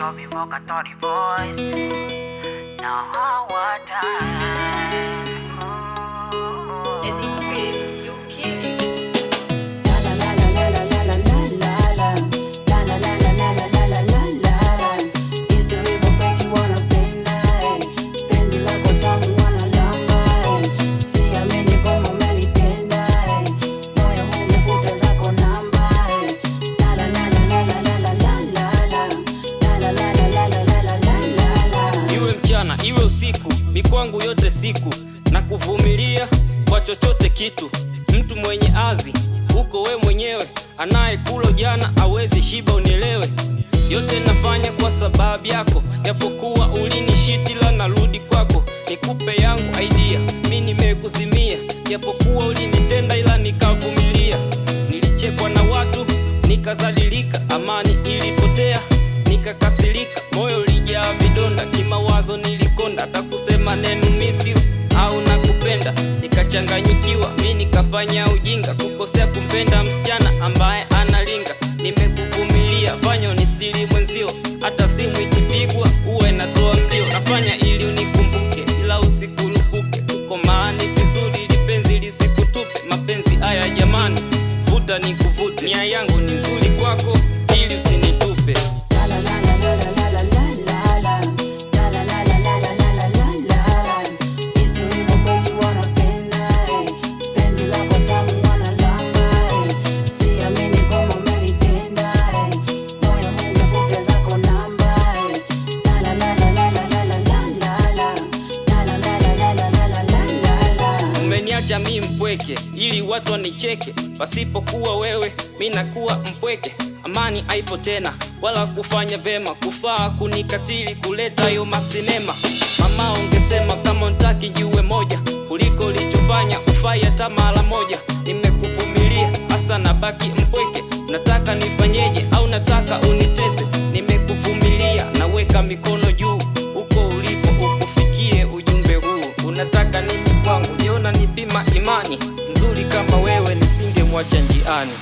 told me vocatory voice. Now how I die. yangu yote siku na kuvumilia kwa chochote kitu. Mtu mwenye azi uko we mwenyewe, anayekulo jana awezi shiba, unielewe. Yote nafanya kwa sababu yako, japokuwa ulinishitila, narudi kwako nikupe yangu idea. Mi nimekuzimia, japokuwa ulinitenda, ila nikavumilia. Nilichekwa na watu nikazalilika, amani ilipotea, nikakasilika moyo ulijaa vidonda, kimawazo nili maneno misiu au nakupenda, nikachanganyikiwa mi nikafanya ujinga, kukosea kumpenda msichana ambaye analinga. Nimekuvumilia fanya ni stili mwenzio, hata simu ikipigwa uwe natoa mlio, nafanya ili unikumbuke, ila usikurupuke, maani vizuri, lipenzi lisikutupe, mapenzi haya jamani, vuta nikuvute, nia yangu nimeacha mi mpweke, ili watu wanicheke. Pasipokuwa wewe, mi nakuwa mpweke. Amani haipo tena, wala kufanya vema, kufaa kunikatili, kuleta yo masinema. Mama ungesema kama ntaki jue moja, kuliko ulichofanya ufai hata mara moja. Nimekuvumilia hasa nabaki mpweke, nataka nifanyeje? Au nataka unitese? Nimekuvumilia naweka mikono juu kunipima imani nzuri kama wewe, nisingemwacha njiani.